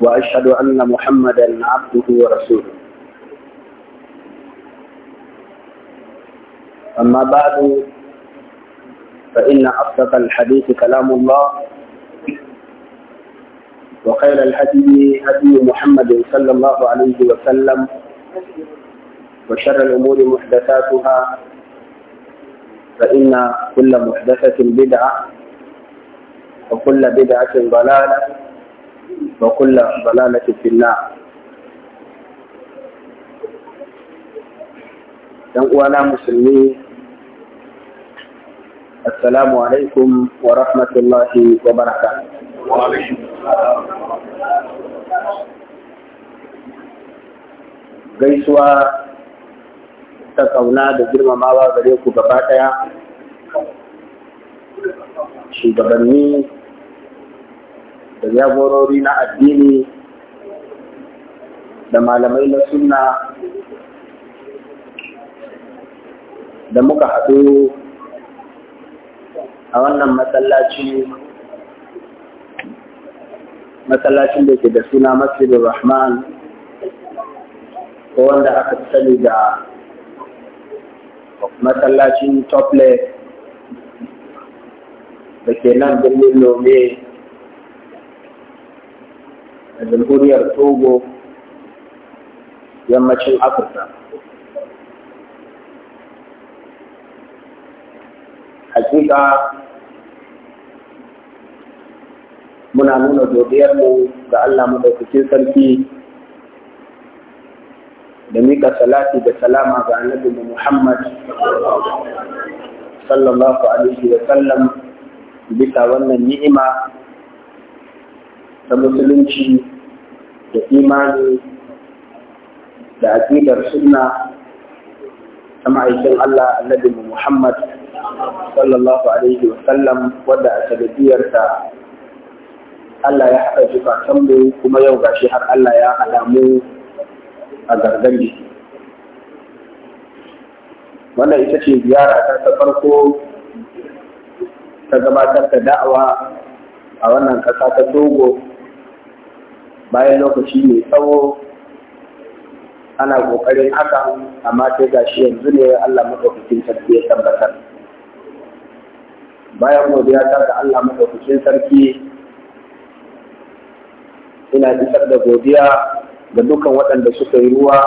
وأشهد أن محمدا عبده ورسوله أما بعد فإن أصدق الحديث كلام الله وخير الهدي هدي محمد صلى الله عليه وسلم وشر الأمور محدثاتها فإن كل محدثة بدعة وكل بدعة ضلالة وكل ضلالة في النار uwana musulmi assalamu alaikum wa rahmatullahi wa baraka gaisuwa ta kauna da girmamawa gare ku gaba ɗaya shugabanni da jagorori na addini da malamai na suna, da muka haɗu a wannan matsalacin da ke da suna masjidin rahman ko wanda aka sani da matsalacin topless da ke nan birnin lome da jamhuriyar togo yammacin afirka hakika muna nuna godiyarmu ga allah maɗaukakin sarki da mika salati da salama ga annabi muhammad sallallahu alaihi wa sallam bisa wannan ni'ima Da musulunci da imani da aqidar sunna ta ma'aikin Allah annabi Muhammad sallallahu alaihi wa sallam wanda a sanadiyarta Allah ya haɗa zukatan mu kuma yau gashi har Allah ya haɗa mu a gargadi Wannan ita ce ziyara ta ta farko ta gabatar da da'awa a wannan ƙasa ta Togo bayan lokaci mai tsawo ana ƙoƙarin hakan amma sai ga shi yanzu ne Allah maɗaukakin sarki ya tabbatar bayan godiya ta ga Allah maɗaukakin sarki ina isar da godiya ga dukkan waɗanda suka yi ruwa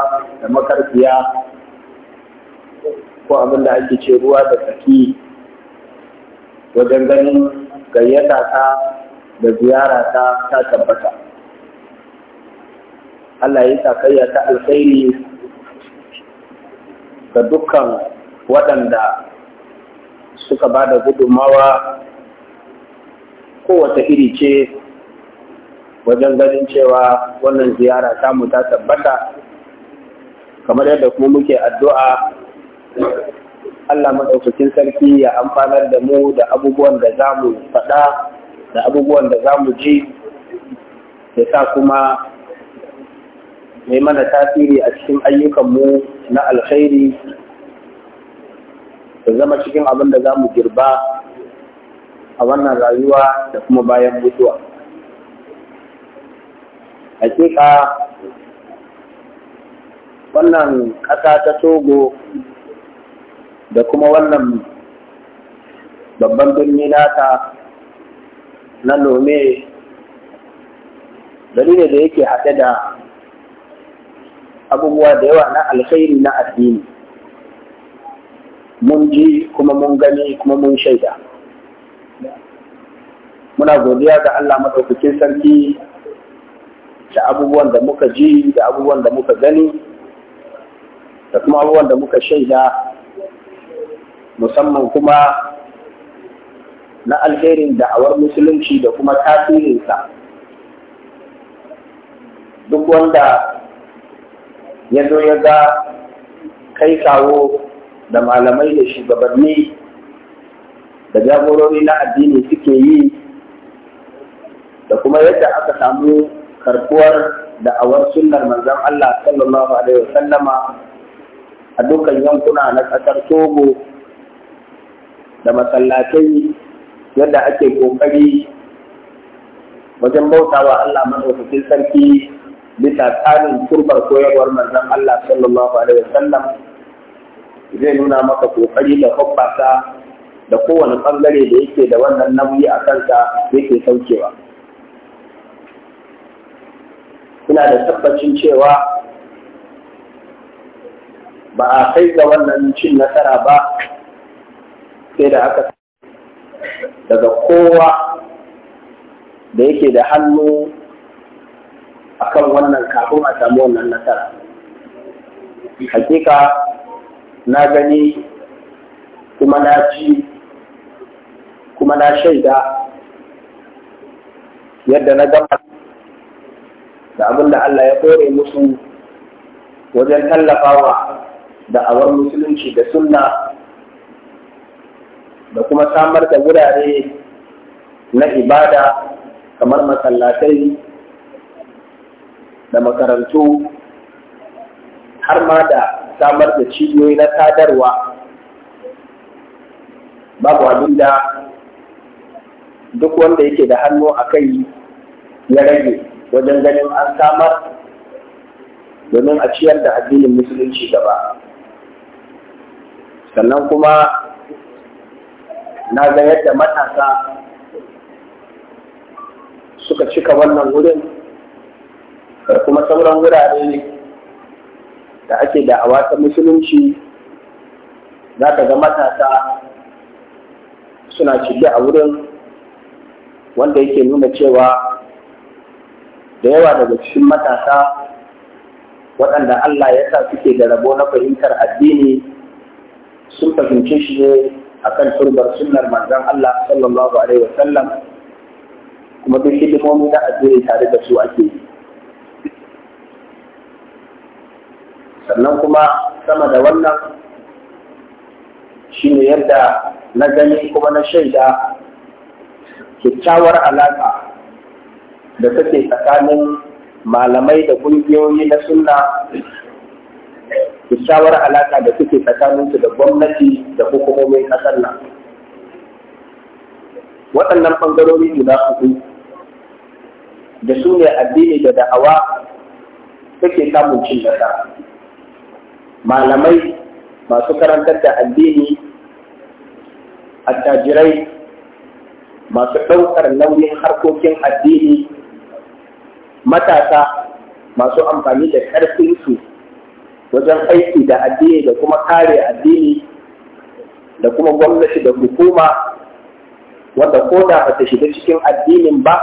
da makarfiya ko abin da ake ce ruwa da tsaki wajen ganin gayyata ta da ziyara ta ta tabbata Allah ya ya ta alkhairi ga dukkan waɗanda suka ba da gudunmawa kowace iri ce wajen ganin cewa wannan ziyara mu ta tabbata kamar yadda kuma muke addu'a Allah maɗaukakin sarki ya amfanar da mu da abubuwan da za mu faɗa da abubuwan da za mu ji ya sa kuma mai mana tasiri a cikin ayyukanmu na alkhairi da zama cikin abin da za mu girba a wannan rayuwa da kuma bayan mutuwa. Hakika wannan ƙasa ta Togo da kuma wannan babban birni nata na Lome, dalilin da yake haɗe da abubuwa da yawa na alkhairi na addini mun ji kuma mun gani kuma mun shaida muna godiya ga Allah maɗaukakin sarki da abubuwan da muka ji da abubuwan da muka gani da kuma abubuwan da muka shaida musamman kuma na alherin da'awar musulunci da kuma tasirinsa duk wanda Yanzu ya ga kai kawo da malamai da shugabanni da jagorori na addini suke yi da kuma yadda aka samu karbuwar awar sunnar manzan Allah sallallahu alaihi wasallama a dukkan yankuna na ƙasar Togo da masallatai yadda ake ƙoƙari wajen bautawa Allah maɗaukakin sarki bisa tsarin turbar koyarwar manzon Allah sallallahu alaihi wasallam zai nuna maka kokari da hoppasa da kowane ɓangare da yake da wannan nauyi a kansa yake saukewa ina da tabbacin cewa ba a kai ga wannan cin nasara ba sai da aka daga kowa da yake da hannu akan wannan kafin a samu wannan nasara hakika na gani kuma na ci kuma na shaida yadda na gama da abin da Allah ya kore musu wajen tallafawa da awar musulunci da sunna da kuma samar da wurare na ibada kamar masallatai da makarantu har ma da samar da cibiyoyi na sadarwa babu abinda duk wanda yake da hannu a kai ya rage wajen ganin an samar domin a ciyar da addinin musulunci gaba sannan kuma na ga yadda matasa suka cika wannan wurin da kuma sauran wurare ne da ake da ta musulunci za ka ga matasa suna shirye a wurin wanda yake nuna cewa da yawa daga cikin matasa waɗanda Allah ya sa suke da rabo na fahimtar addini sun fahimci shi ne akan turbar sunnar manzan Allah sallallahu alaihi wasallam kuma duk hidimomi na addini tare da su ake yi sannan kuma sama da wannan shi ne yadda na gani kuma na shaida kyakkyawar alaƙa da take tsakanin malamai da ƙungiyoyi na sunna kyakkyawar alaƙa da take tsakaninsu da gwamnati da hukumomin ƙasar nan waɗannan ɓangarori guda uku da su ne addini da da'awa take samun cin nasara malamai masu karantar da addini attajirai masu ɗaukar nauyin harkokin addini matasa masu amfani da ƙarfinsu wajen aiki da addini da kuma kare addini da kuma gwamnati da hukuma wanda ko da ba ta shiga cikin addinin ba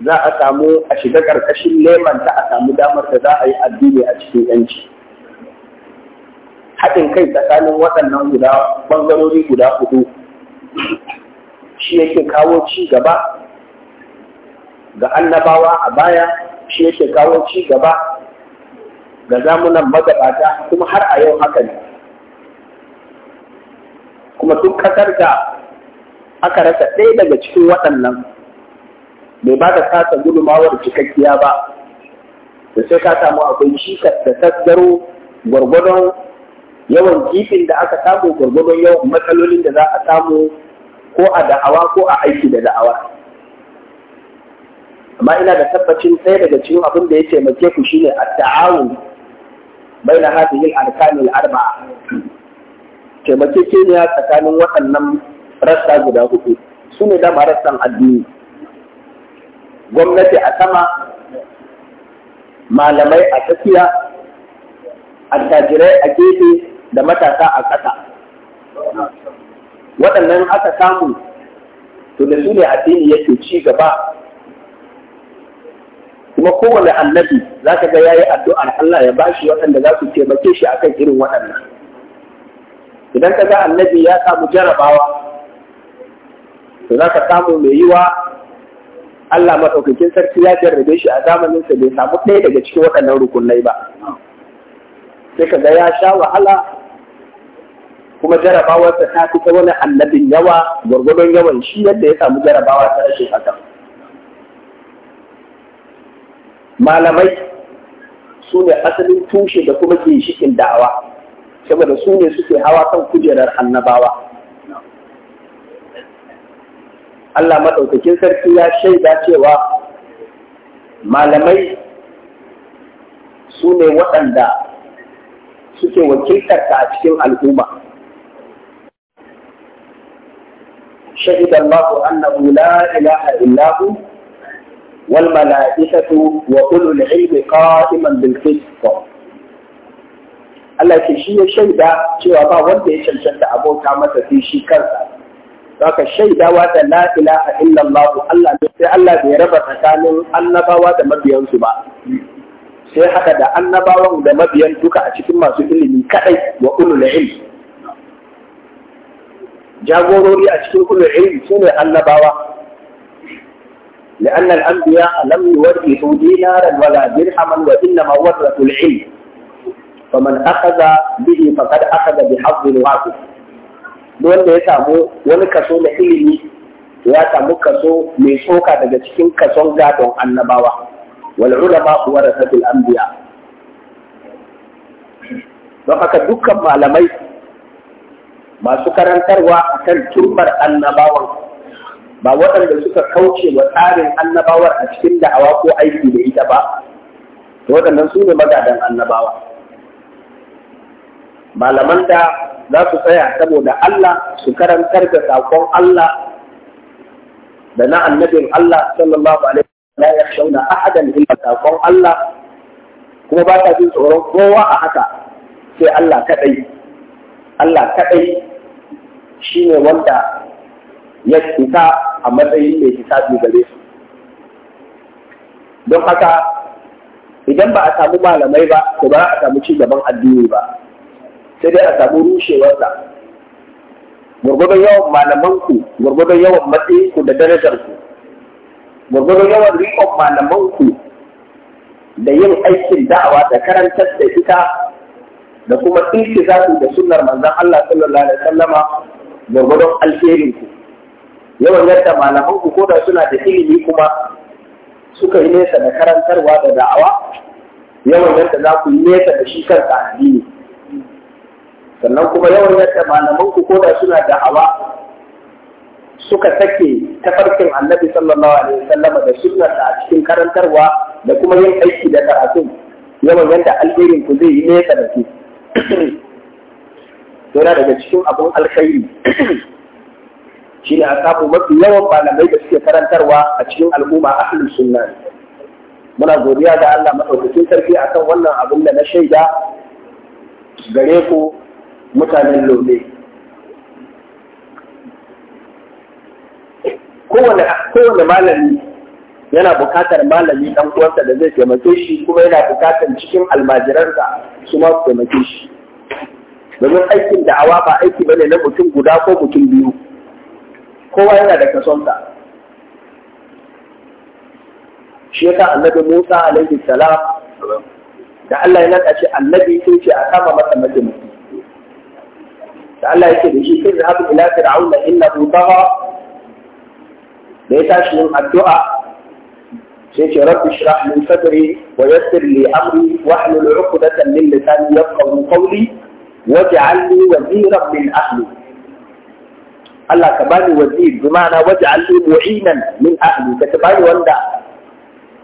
za a samu a shiga ƙarƙashin lemanta a samu damar da za a yi addini a cikin yanci. haɗin kai tsakanin waɗannan guda ɓangarori guda hudu shi yake kawo ci gaba ga annabawa a baya shi yake kawo ci gaba ga zamunan magabata kuma har a yau haka ne kuma duk kasar da aka rasa ɗaya daga cikin waɗannan bai ba da kasa gudumawar cikakkiya ba da sai ka samu akwai cikas da tasgaro gwargwadon yawan kifin da aka samu gwargwadon yawan matsalolin da za a samu ko a da'awa ko a aiki da da'awa amma ina da tabbacin sai daga cikin abin da ya taimake ku shine at-ta'awun baina hadhihi al-arkan arbaa taimakekeniya tsakanin waɗannan rassa guda hudu su ne dama rassan addini gwamnati a sama malamai a tafiya, attajirai a gefe da matasa a ƙasa waɗannan aka samu to da su ne addini yake ci gaba kuma kowane annabi za ka ga ya yi addu'ar Allah ya bashi waɗanda za su taimake shi akan irin waɗannan idan ka ga annabi ya samu jarabawa to za ka samu mai yiwa Allah maɗaukakin sarki ya jarrabe shi a zamaninsa bai samu ɗaya daga cikin waɗannan rukunai ba sai ka ga ya sha wahala kuma jarabawarsa ta fi ta wani annabin yawa gwargwadon yawan shi yadda ya samu jarabawa ta rashin haka. Malamai su ne asalin tushe da kuma ginshikin da'awa, saboda su ne suke hawa kan kujerar annabawa. Allah maɗaukakin sarki ya shaida cewa malamai su ne waɗanda suke wakiltarta a cikin al'umma. شهد الله أنه لا إله إلا هو والملائكة وأولو العلم قائما بالقسط Allah ce shi ya shaida cewa ba wanda ya cancanta abota masa sai shi kansa. Saka shaidawa da la ilaha illallah Allah ne sai Allah bai raba tsakanin annabawa da mabiyansu ba. Sai haka da annabawan da mabiyan duka a cikin masu ilimi kadai wa ulul ilm. jagorori a cikin ulul ilmi sune annabawa لأن الأنبياء لم يورثوا دينارا ولا درهما وإنما ورثوا العلم فمن أخذ به فقد أخذ بحظ وافر don da ya samu wani kaso na ilimi ya samu kaso mai soka daga cikin kason gadon annabawa wal ulama warasatul anbiya dukkan malamai masu karantarwa a kan turbar annabawan ba waɗanda suka kauce wa tsarin annabawar a cikin da'awa ko aiki da ita ba waɗannan su ne magadan annabawa malaman da za su tsaya saboda Allah su karantar da saƙon Allah da na annabin Allah sallallahu alaihi la yakhshawna ahadan illa saƙon Allah kuma ba ta jin tsoron kowa a haka sai Allah Allah kaɗai Shi ne wanda ya fita a matsayin mai hisabi gare su don haka idan ba a samu malamai ba to ba a samu ci gaban addini ba sai dai a samu rushewarsa gwargwadon yawan malamanku gwargwadon yawan matsayinku da darajarku gwargwadon yawan rikon malamanku da yin aikin da'awa da karantar da ita da kuma su da sunnar manzan Allah sallallahu alaihi wasallama gwargwadon alherin ku yawan yadda malaman ku ko da suna da ilimi kuma suka yi nesa da karantarwa da da'awa yawan yadda za ku yi nesa da shi kanka addini sannan kuma yawan yadda malaman ku ko da suna da'awa suka sake tafarkin annabi sallallahu alaihi wasallam da sunnarsa a cikin karantarwa da kuma yin aiki da karatun yawan yadda alherin ku zai yi nesa da ku yana daga cikin abin alkhairi shi ne a samu mafi yawan malamai da suke karantarwa a cikin al'umma a halin sunna muna godiya da Allah madaukakin sarki kan wannan abin da na shaida gare ku mutanen lome kowane malami yana bukatar malami ɗan uwansa da zai taimake shi kuma yana bukatar cikin almajiransa su ma su taimake shi domin aikin da'awa ba aiki bane na mutum guda ko mutum biyu kowa yana da kasonsa shi yasa annabi Musa alaihi salam da Allah ya nada shi annabi sai ce a kama masa mutum da Allah yake da shi sai da habu ila fir'auna innahu tagha bai ya tashi yin addu'a sai ce rabbi shrah li sadri wa yassir li amri wa ahlul 'uqdatan min lisani yafqahu qawli waj'al waziran min ahli Allah ka bani wazir bi ma'ana waj'al li mu'inan min ahli ka ta bani wanda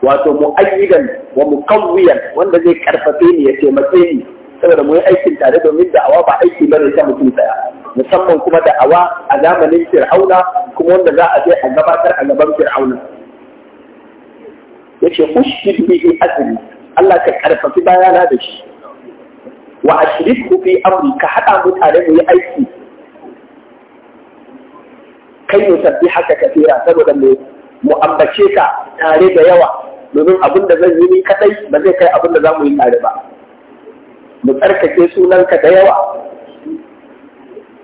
wato mu'ayyidan wa muqawwiyan wanda zai karfafe ni ya taimake ni saboda mu yi aikin tare domin da'awa ba aiki bane ta mutum tsaya musamman kuma da'awa a zamanin fir'auna kuma wanda za a je a gabatar a gaban fir'auna yace ushid bihi azri Allah ka karfafi bayana da shi wa ashriku fi amri ka haɗa mutane mu yi aiki kai yi sabbi haka kafira saboda mu mu'ambace ka tare da yawa domin abin da zan yi ni kadai ba zai kai abin da za mu yi tare ba mu tsarkake sunanka da yawa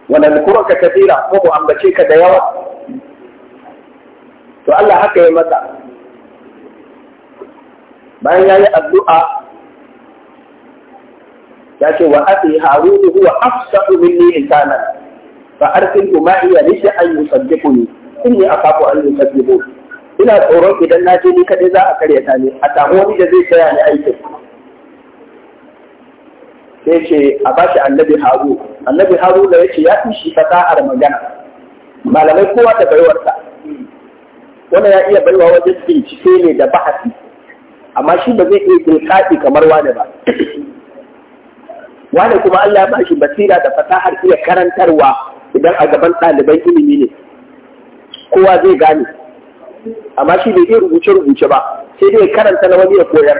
wannan ka kafira ko mu ambace ka da yawa to Allah haka ya masa bayan ya yi addu'a ya ce wa Haruna harunu huwa afsahu minni insana fa arsilhu ma iya lisha an yi a akafu an yusaddiqu ina tsoron idan na je ni kadai za a ta ne a samu wani da zai tsaya ni aikin sai ce a bashi annabi haru annabi haru da ce ya fi fasahar magana malamai kowa da baiwarsa wanda ya iya baiwa wajen bincike ne da bahasi amma shi ba zai iya tilkaɗi kamar wani ba wani kuma Allah ya ba shi basira da fasahar iya karantarwa idan a gaban ɗaliban ilimi ne kowa zai gane amma shi bai iya rubuce-rubuce ba sai dai karanta na wani ya koyar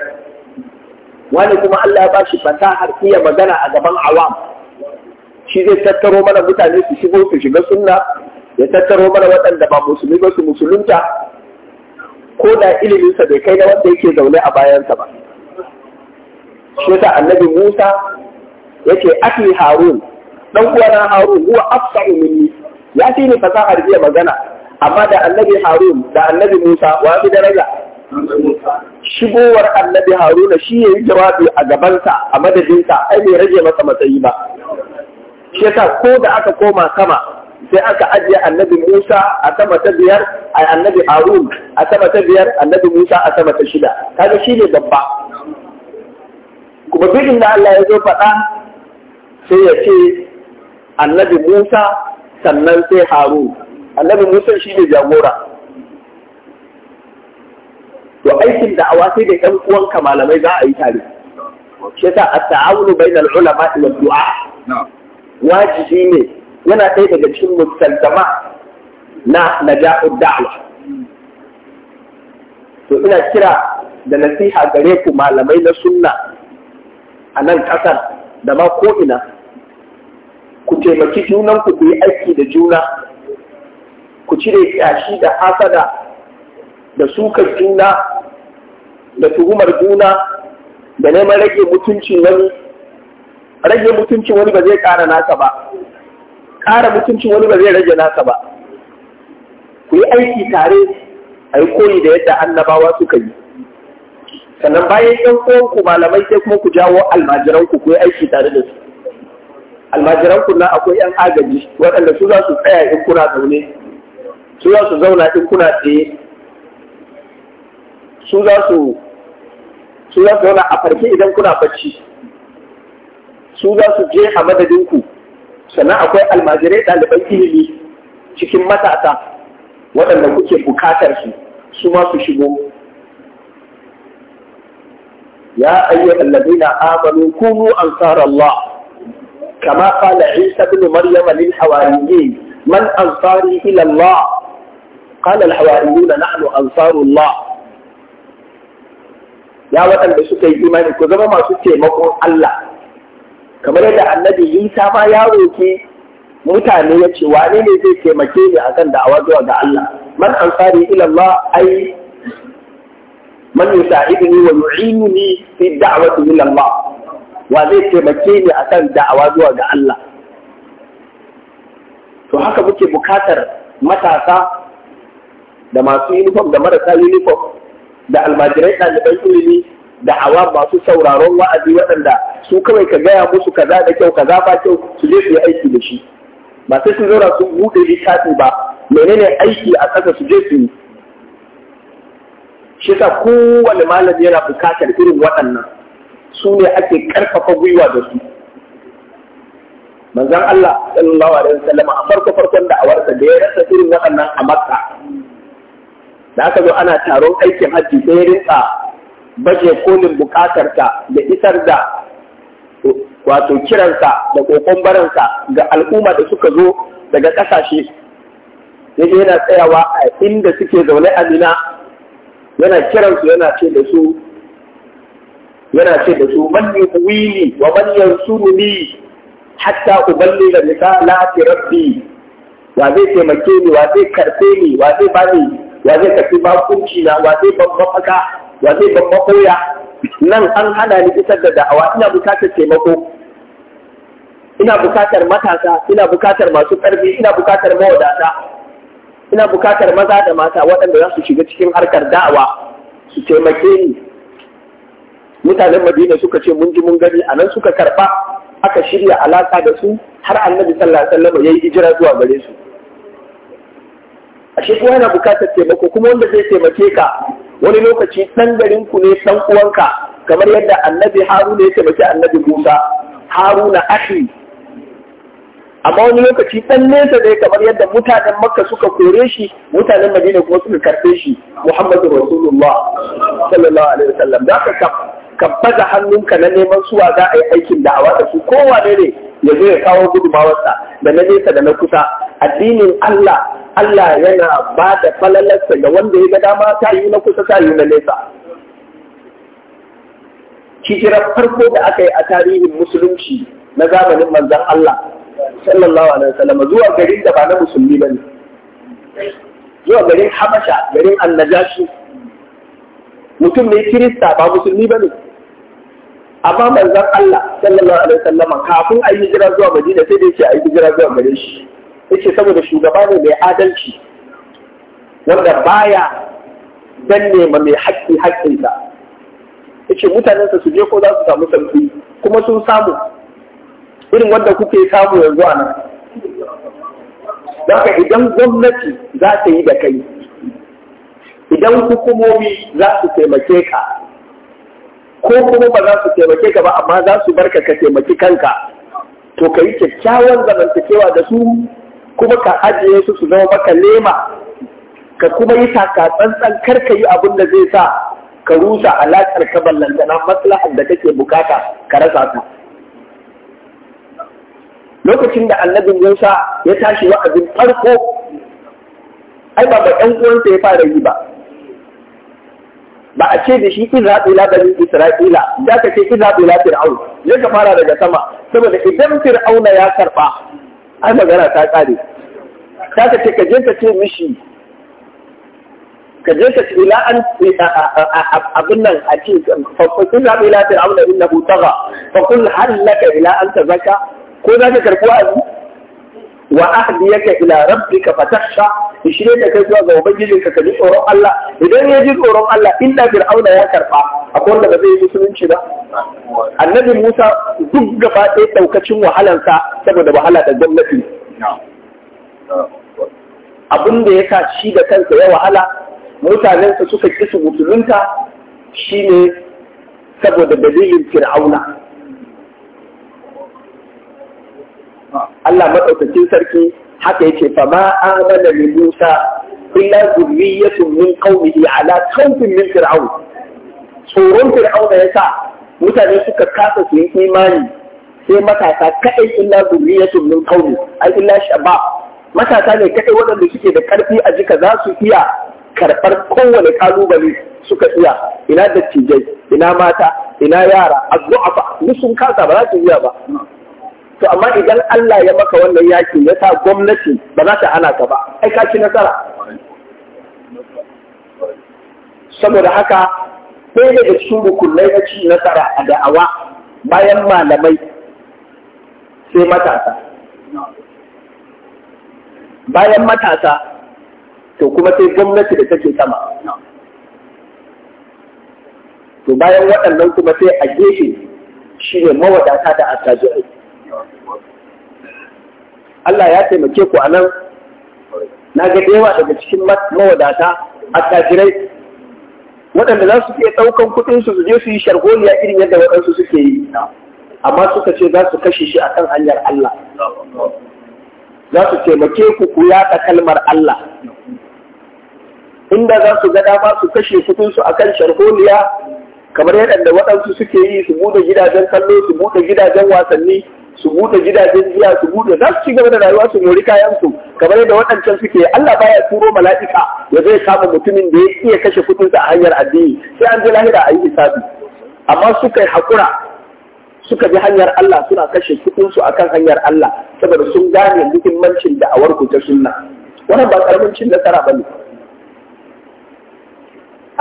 wani kuma Allah ya ba shi fasahar iya magana a gaban awam shi zai tattaro mana mutane su shigo su shiga sunna ya tattaro mana waɗanda ba musulmi ba su musulunta ko da iliminsa bai kai na wanda yake zaune a bayansa ba shi yasa annabi Musa yace ake harun dan uwana harun huwa afsahu minni ya fi ni fasahar jiya magana amma da annabi harun da annabi musa wa fi daraja shigowar annabi haruna shi ya yi jawabi a gabansa a madadinsa ai bai rage masa matsayi ba shi yasa ko da aka koma kama, sai aka ajiye annabi Musa a sama ta biyar a annabi Harun a sama ta biyar annabi Musa a sama ta shida kaga shi ne babba kuma duk da Allah ya zo faɗa sai ya ce annabi Musa sannan sai Harun annabi Musa shi ne jagora to aikin da awa sai da ɗan uwanka malamai za a yi tare shi yasa at-ta'awunu bainal ulama wal du'a wajibi ne yana ɗaya daga cikin mustaldama na naja'ud da'wa to ina kira da nasiha gare ku malamai na sunna a nan ƙasar da ma ko'ina ku taimaki junan ku ku yi aiki da juna ku cire kyashi da hasada da sukar juna da tuhumar juna da neman rage mutuncin wani rage mutuncin wani ba zai ƙara nasa ba ƙara mutuncin wani ba zai rage nasa ba ku yi aiki tare a yi koyi da yadda annabawa suka yi sannan bayan yan uwanku malamai sai kuma ku jawo almajiranku ku yi aiki tare da su almajiran kunna akwai yan agaji waɗanda su za su tsaya in kuna zaune su za su zauna in kuna tsaye su za su su za su zauna a farke idan kuna bacci su za su je a madadinku sannan akwai almajirai ɗaliban ilimi cikin matasa waɗanda kuke bukatar su su ma su shigo ya ayyuhal ladina amanu kunu ansarallah كما قال عيسى بن مريم للحواريين من أنصاري إلى الله قال الحواريون نحن أنصار الله يا وطن بسوك إيماني كذبا ما سوك مقرون الله كما يدعى النبي عيسى ما يروكي mutane ya ce wane ne zai taimake ni akan da'awa zuwa ga Allah man ansari ila Allah ai man yusa'iduni wa yu'inuni fi da'wati ila Allah wa zai taimake ni a kan da'awa zuwa ga Allah to haka muke bukatar matasa da masu uniform da marasa uniform da almajirai ɗaliban ilimi da awa masu sauraron wa'azi waɗanda su kawai ka gaya musu kaza da kyau kaza ba kyau su je su yi aiki da shi ba sai sun zaura sun buɗe littafi ba menene aiki a ƙasa su je su yi shi sa kowane malami yana bukatar irin waɗannan su ne ake karfafa gwiwa da su manzon Allah sallallahu alaihi wasallam a farko farkon da warta da ya rasa irin waɗannan a Makka da aka zo ana taron aikin hajji sai ya rinka baje kolin ta da isar da wato kiransa da kokon baransa ga al'umma da suka zo daga ƙasashe yake yana tsayawa a inda suke zaune a nina, yana kiransu yana ce da su yana ce da su man yuwini wa man yansuruni hatta uballi da misalati rabbi wa zai taimake ni wa zai karfe ni wa zai bani wa zai tafi kunci na wa zai babba faka wa zai babba koya nan an hana ni isar da da'awa ina bukatar taimako ina bukatar matasa ina bukatar masu karfi ina bukatar mawadata ina bukatar maza da mata waɗanda za su shiga cikin harkar da'awa su taimake ni mutanen madina suka ce mun ji mun gani a nan suka karɓa aka shirya alaƙa da su har annabi sallallahu alaihi wasallam ya yi hijira zuwa gare su ashe kowa yana buƙatar taimako kuma wanda zai taimake ka wani lokaci ɗan garin ku ne ɗan uwanka kamar yadda annabi haruna ya taimaki annabi musa haruna ahi amma wani lokaci ɗan nesa ne kamar yadda mutanen makka suka kore shi mutanen madina kuma suka karfe shi muhammadu rasulullah sallallahu alaihi wasallam da aka ka baza hannunka na neman suwa za a yi aikin da a su kowa ne ne ya zo ya kawo gudumawarsa da na nesa da na kusa addinin Allah Allah yana ba da falalarsa ga wanda ya ga dama ta yi na kusa ta yi na nesa hijirar farko da aka yi a tarihin musulunci na zamanin manzan Allah sallallahu alaihi wasallam zuwa garin da ba na musulmi ba ne zuwa garin Habasha garin Annajashi mutum ne Kirista ba musulmi ba ne amma manzon Allah sallallahu alaihi wasallama kafin a yi hijira zuwa Madina sai da yake a yi hijira zuwa gare shi yace saboda shugaba ne mai adalci wanda baya danne ma mai haƙƙi haƙƙinsa yace mutanensa su je ko za su samu sauki kuma sun samu irin wanda kuke samu yanzu a nan Daga idan gwamnati za ta yi da kai, idan hukumomi za su taimake ka, ko kuma ba za su taimake ka ba amma za su barka ka taimaki kanka to ka yi kyakkyawan zamantakewa da su kuma ka ajiye su su zama maka lema ka kuma yi taka tsantsan kar ka yi abin da zai sa ka rusa alaƙar ka ballantana maslahar da kake bukata ka rasa ta lokacin da annabin Musa ya tashi wa'azin farko ai ba ba ɗan uwansa ya fara yi ba ba a ce da shi idza ila bani isra'ila da ka ce idza ila fir'aun ne ka fara daga sama saboda idan fir'aun ya karɓa, ai magana ta kare da ka ce ka je ka ce mishi ka je ka ce ila an abin nan a ce fa idza ila fir'aun innahu tagha fa qul hal laka ila an tazakka ko za ka karɓi wa'azi wa ahdiyaka ila rabbika fatakhsha shirya da kai zuwa ga ubangijinka ka ji tsoron Allah idan ya ji tsoron Allah inda fir'auna ya karba akwai wanda ba zai yi musulunci ba annabi Musa duk gaba ɗaya daukacin wahalansa saboda wahala da gwamnati abin da ya sa shi da kansa ya wahala mutanensa suka kisu su musulunta shine saboda dalilin fir'auna Allah madaukakin sarki haka yace fa ma amana li Musa illa zurriyatun min qaumihi ala khawfin min fir'aun tsoron fir'auna yasa mutane suka kasa su yi imani sai matasa kadai illa zurriyatun min qaumi ai illa shabab matasa ne kadai waɗanda suke da karfi a jika za su iya karɓar kowane kalubale suka iya ina dattijai ina mata ina yara azzu'afa duk kasa ba za su iya ba to amma idan Allah ya maka wannan yaki ya sa gwamnati ba za ta hana ka ba ai ka ci nasara saboda haka ɗaya daga cikin rukunai na ci nasara a da'awa bayan malamai sai matasa bayan matasa to kuma sai gwamnati da take sama to bayan waɗannan kuma sai a gefe shi ne mawadata da attajirai Allah ya taimake ku anan, nan na ga yawa daga cikin mawadata a tajirai waɗanda za su iya ɗaukan kuɗin su su je su yi sharholiya irin yadda waɗansu suke yi amma suka ce za su kashe shi akan hanyar Allah za su taimake ku ku yaɗa kalmar Allah inda za su ga dama su kashe kuɗin su akan sharholiya kamar yadda waɗansu suke yi su buɗe gidajen kallo su buɗe gidajen wasanni su bude gidajen jiya su bude za su ci gaba da rayuwa su mori kayan su kamar yadda waɗancan suke Allah baya turo mala'ika ya zai kama mutumin da ya iya kashe kuɗin sa a hanyar addini sai an je lahira a yi hisabi amma suka yi hakura suka bi hanyar Allah suna kashe kuɗin su akan hanyar Allah saboda sun gane muhimmancin da'awar ku ta sunna wannan ba karamin cin nasara bane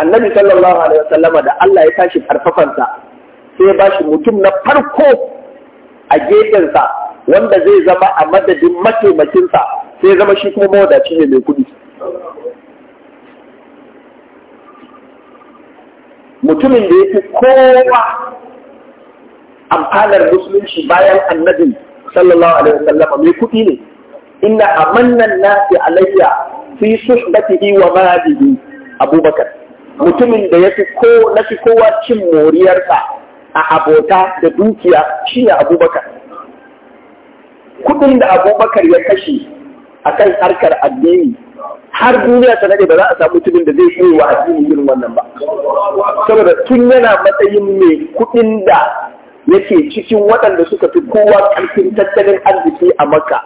annabi sallallahu alaihi wasallama da Allah ya tashi karfafansa sai ya bashi mutum na farko a gefensa wanda zai zama a madadin mataimakinsa sai zama shi kuma mawadaci ne mai kuɗi. Mutumin da ya fi kowa amfanar musulunci bayan annabi, sallallahu alaihi wasallama mai kuɗi ne. a amannan nasi alayya fi suhbatihi wa malihi Abubakar. Mutumin da ya fi kowa cin moriyarsa a abota da dukiya shine abubakar kudin da abubakar ya kashe a kan harkar addini har duniya ta nade ba za a samu mutumin da zai iya wa addini irin wannan ba saboda tun yana matsayin mai kudin da yake cikin waɗanda suka fi kowa ƙarfin tattalin arziki a makka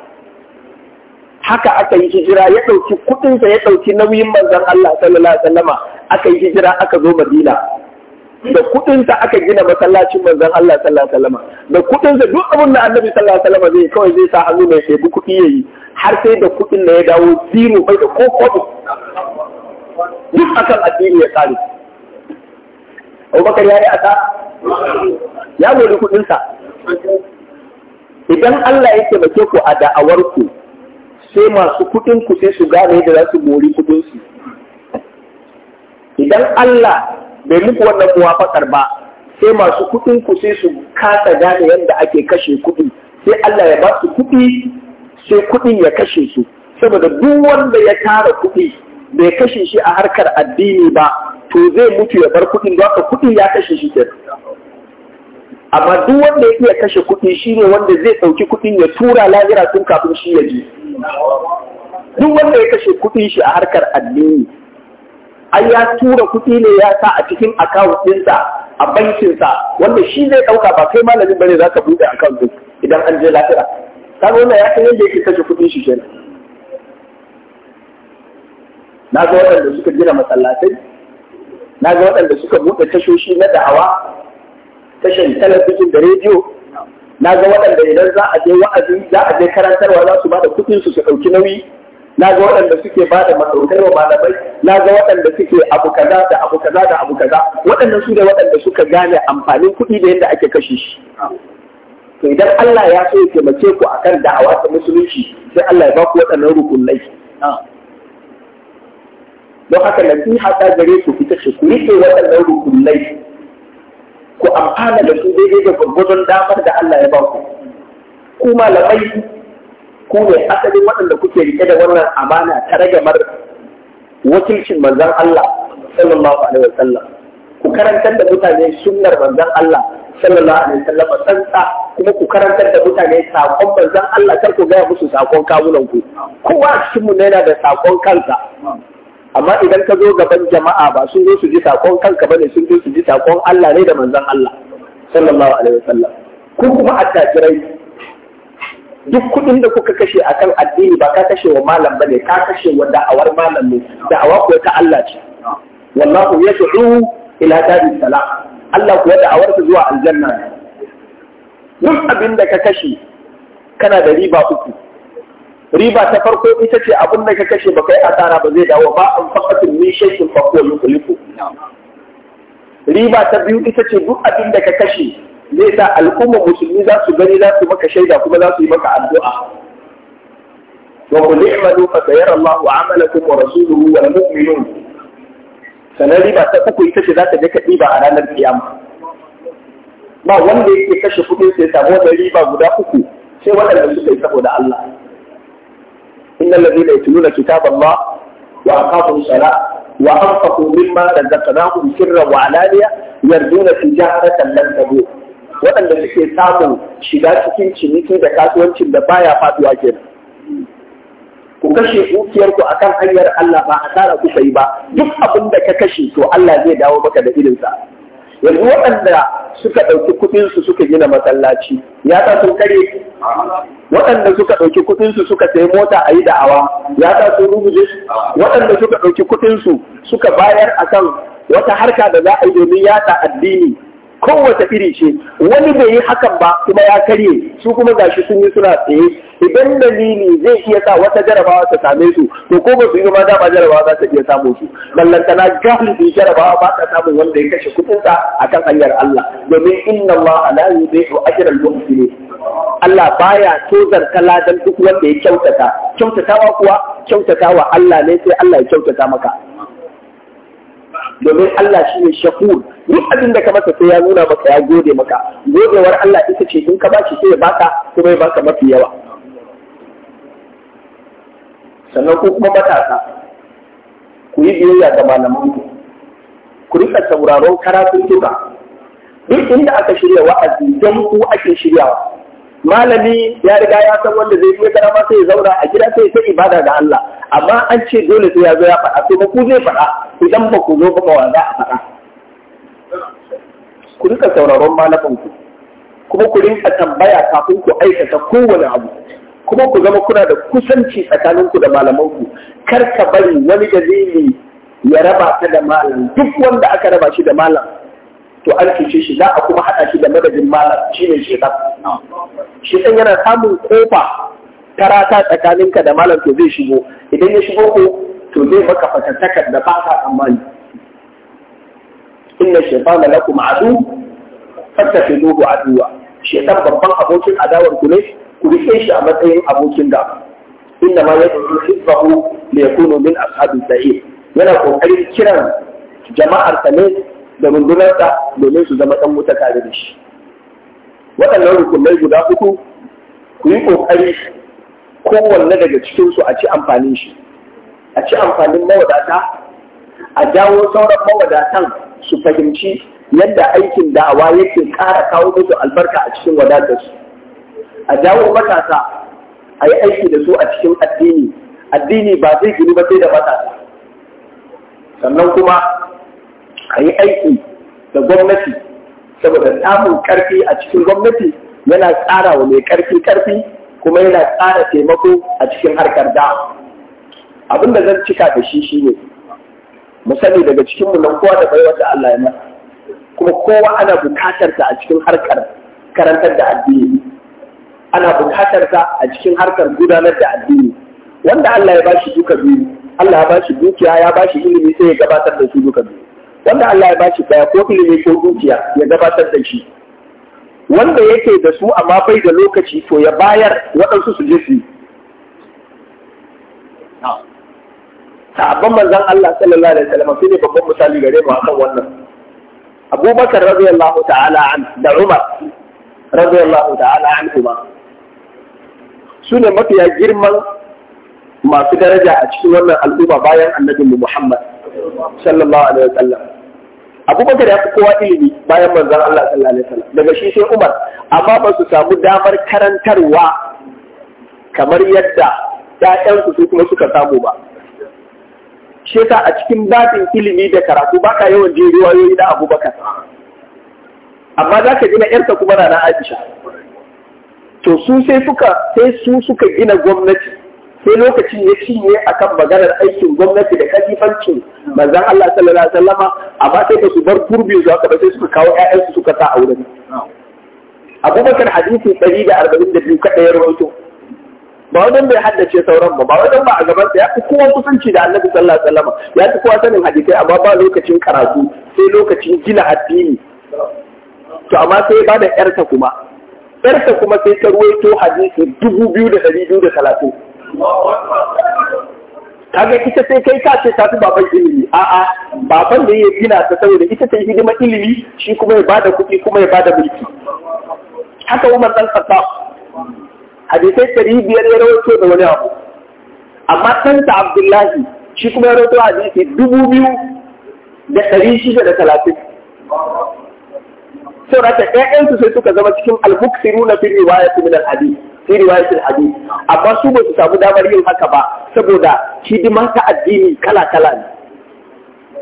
haka aka yi hijira ya ɗauki kuɗinsa ya ɗauki nauyin manzon Allah sallallahu alaihi wasallama aka yi hijira aka zo Madina da kuɗinsa aka gina masallacin manzon Allah sallallahu alaihi wasallam da duk abin da annabi sallallahu alaihi wasallam zai kawai zai sa hannu mai shebu kuɗi yayi har sai da kuɗin da ya dawo zero bai da ko kobo duk akan addini ya kare Abubakar ya yi asa ya gori kuɗinsa idan Allah ya taimake ku a da'awarku sai masu kuɗin ku sai su gane da za su gori su, idan Allah bai muku wannan muwafaqar ba sai masu kuɗin ku sai su kasa gane yadda ake kashe kuɗi sai Allah ya ba su kuɗi sai kuɗin ya kashe su saboda duk wanda ya tara kuɗi bai kashe shi a harkar addini ba to zai mutu ya bar kuɗin don haka kuɗin ya kashe shi kenan amma duk wanda ya iya kashe kuɗi shi ne wanda zai ɗauki kuɗin ya tura lahira tun kafin shi ya ji duk wanda ya kashe kuɗin shi a harkar addini ai ya tura kuɗi ne ya sa a cikin account ɗinsa a bankinsa wanda shi zai ɗauka ba kai malamin bane za ka buɗe account ɗin idan an je lafiya kaga wannan ya san yadda yake kashe kuɗin shi kenan na ga waɗanda suka gina masallatai na ga waɗanda suka buɗe tashoshi na da'awa tashin talabijin da rediyo na ga waɗanda idan za a je wa'azi za a je karantarwa za su ba da kuɗinsu su ɗauki nauyi na ga waɗanda suke ba da masaukai ba da na ga waɗanda suke abu kaza da abu kaza da abu kaza waɗannan su ne waɗanda suka gane amfanin kuɗi da yadda ake kashe shi to idan Allah ya so ya taimake ku akan da'awa ta musulunci sai Allah ya ba ku waɗannan rukunai don haka fi haɗa gare ku fita shi ku rike waɗannan rukunai ku amfana da su daidai da gwargwadon damar da Allah ya ba ku ku malamai ku ne asalin waɗanda kuke rike da wannan amana ta ragamar wakilcin manzan Allah sallallahu alaihi wasallam ku karantar da mutane sunnar manzan Allah sallallahu alaihi wasallam tsantsa kuma ku karantar da mutane sakon manzan Allah kar ku gaya musu sakon kawunan ku kowa a cikin mu yana da sakon kansa amma idan ka zo gaban jama'a ba sun zo su ji sakon kanka bane sun zo su ji sakon Allah ne da manzan Allah sallallahu alaihi wasallam ku kuma attajirai duk kuɗin da kuka kashe akan addini ba ka kashe wa malam bane ka kashe wa da'awar malam ne da'awa kuwa ta Allah ce wallahu yad'u ila dari salam Allah kuwa da'awar ta zuwa aljanna duk abin da ka kashe kana da riba uku riba ta farko ita ce abin da ka kashe ba kai asara ba zai dawo ba an faqatin min shay'in fa huwa riba ta biyu ita ce duk abin da ka kashe zai sa al'umma musulmi za su gani za su maka shaida kuma za su yi maka addu'a wa qul i'malu fa sayara Allahu 'amalakum wa rasuluhu wal mu'minun sanan riba ta uku ita ce za ta ga kadi ba a ranar kiyama ba wanda yake kashe kuɗin sai samu wata riba guda uku sai waɗanda suka yi saboda Allah innal ladina yatluna kitaballah wa aqamu as-salah وأنفقوا مما رزقناهم سرا وعلانية يرجون تجارة لن تبور waɗanda suke samun shiga cikin ciniki da kasuwancin da baya faduwa kenan ku kashe dukiyarku akan hanyar Allah ba asara kuka yi ba duk abin da ka kashe to Allah zai dawo maka da irinsa yanzu waɗanda suka ɗauki kuɗinsu suka gina masallaci ya sa sun kare waɗanda suka ɗauki kuɗinsu suka sayi mota a yi da'awa ya sa sun rubuje waɗanda suka ɗauki kuɗinsu suka bayar akan wata harka da za a yi domin yatsa addini kowace iri ce wani bai yi hakan ba kuma ya karye su kuma gashi sun yi suna tsaye idan dalili zai iya sa wata jarabawa ta same su to ko ba su yi ma dama jarabawa za ta iya samu su ballantana jahilci jarabawa ba ta samun wanda ya kashe kuɗinsa akan hanyar Allah domin inna Allah la yudhi'u ajra al-muhsinin Allah baya kala don duk wanda ya kyautata kyautatawa kuwa kyautatawa Allah ne sai Allah ya kyautata maka domin Allah shi ne shakur duk abin da ka masa sai ya nuna maka ya gode maka godewar Allah ita ce in ka ba shi sai ya baka kuma ya baka mafi yawa sannan ku kuma matasa ku yi biyayya ga malaman ku ku rika sauraron karatun tuka duk inda aka shirya wa'azi don ku ake shiryawa malami ya riga ya san wanda zai yi karama sai ya zauna a gida sai ya ibada da Allah amma an ce dole sai ya zo ya faɗa to ku zai faɗa idan ba ku zo ba ba za a faɗa ku rika sauraron malaman ku kuma ku rinka tambaya kafin ku aikata kowane abu kuma ku zama kuna da kusanci tsakaninku da malamanku kar ka bari wani da zai ya raba ka da malam duk wanda aka raba shi da malam to an cuce shi za a kuma haɗa shi da madadin malam shi ne shi ɗan yana samun kofa ta rata tsakaninka da malam to zai shigo idan ya shigo ko to zai maka fatattakar da ba ka tsammani inna shaytana lakum adu fattakhidhuhu aduwa shaytan babban abokin adawar ku ne ku rike shi a matsayin abokin da inna ma yad'u hizbahu li yakunu min ashabi sa'ir yana kokarin kiran jama'ar ta ne da rundunarsa domin su zama dan wuta tare da shi waɗannan rukunai guda uku ku yi ƙoƙari kowanne daga cikinsu a ci amfanin shi a ci amfanin mawadata a jawo sauran mawadatan su fahimci yadda aikin da'awa yake ƙara kawo musu albarka a cikin wadatarsu a jawo matasa a yi aiki da su a cikin addini addini ba zai gini ba sai da matasa sannan kuma a yi aiki da gwamnati saboda samun ƙarfi a cikin gwamnati yana tsara wa mai ƙarfi ƙarfi kuma yana tsara taimako a cikin harkar da'a abin da zan cika da shi shine mu daga cikin mu nan kowa da bai wata Allah ya masa kuma kowa ana bukatar ta a cikin harkar karantar da addini ana bukatar ta a cikin harkar gudanar da addini wanda Allah ya bashi duka biyu Allah ya bashi dukiya ya bashi ilimi sai ya gabatar da shi duka biyu wanda Allah ya bashi daya ko ilimi ko dukiya ya gabatar da shi wanda yake da su amma bai da lokaci to ya bayar waɗansu su je su yi sahabban manzon Allah sallallahu alaihi wasallam su ne babban misali gare mu akan wannan Abubakar radiyallahu ta'ala an da Umar radiyallahu ta'ala an kuma su mafiya girman masu daraja a cikin wannan al'umma bayan annabin Muhammad sallallahu alaihi wasallam abubakar ya fi kowa ilimi bayan manzan Allah sallallahu alaihi wasallam daga shi sai Umar amma ba su samu damar karantarwa kamar yadda 'ya'yansu su kuma suka samu ba shi yasa a cikin babin ilimi da karatu baka yawan je riwayoyi na Abubakar amma za ka gina yarka kuma na Aisha to su sai suka sai su suka gina gwamnati sai lokacin ya cinye akan maganar aikin gwamnati da kalifancin manzan Allah sallallahu alaihi wasallama amma sai ba su bar gurbin su haka ba sai suka kawo ƴaƴansu suka sa aure Abubakar hadisi 142 kada ya rawaito ba wajen bai haddace sauran ba ba wajen ba a gaban sa ya fi kowa kusanci da annabi sallallahu alaihi wasallam ya fi kowa sanin hadisai amma ba lokacin karatu sai lokacin gina addini to amma sai ba da yarta kuma ƴarta kuma sai ta ruwaito hadisi dubu biyu da ɗari biyu da talatin kaga ita sai kai ka ce ta fi baban ilimi a'a baban da ya gina ta saboda ita ta yi hidima ilimi shi kuma ya bada kuɗi kuma ya bada mulki haka Umar dan Khattab hadisai tari biyar ya rawaito da wani abu amma ɗanta abdullahi shi kuma ya rawaito hadisai dubu biyu da ɗari shida da talatin saurata ƴaƴansu sai suka zama cikin siru na fi riwaya su minar hadi fi su hadi amma su ba su samu damar yin haka ba saboda hidiman ta addini kala kala ne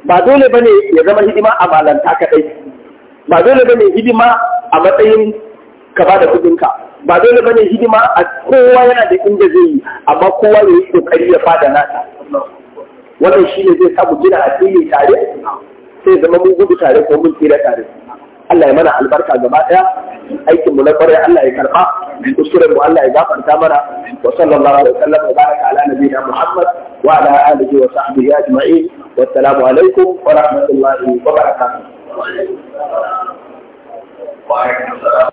ba dole ba ne ya zama hidima a malanta kaɗai. ba dole ba ne hidima a matsayin ka ba da kudinka ba dole bane hidima a kowa yana da inda zai yi amma kowa ya yi kokari ya fada nata wannan shi ne zai samu gina addini tare sai zama mun gudu tare ko mun tsira tare Allah ya mana albarka gaba daya aikin mu na kware Allah ya karba kusurin mu Allah ya gafarta mana wa sallallahu alaihi wa sallam wa baraka ala nabiyina Muhammad wa ala alihi wa sahbihi ajma'in wa assalamu alaikum wa rahmatullahi wa barakatuh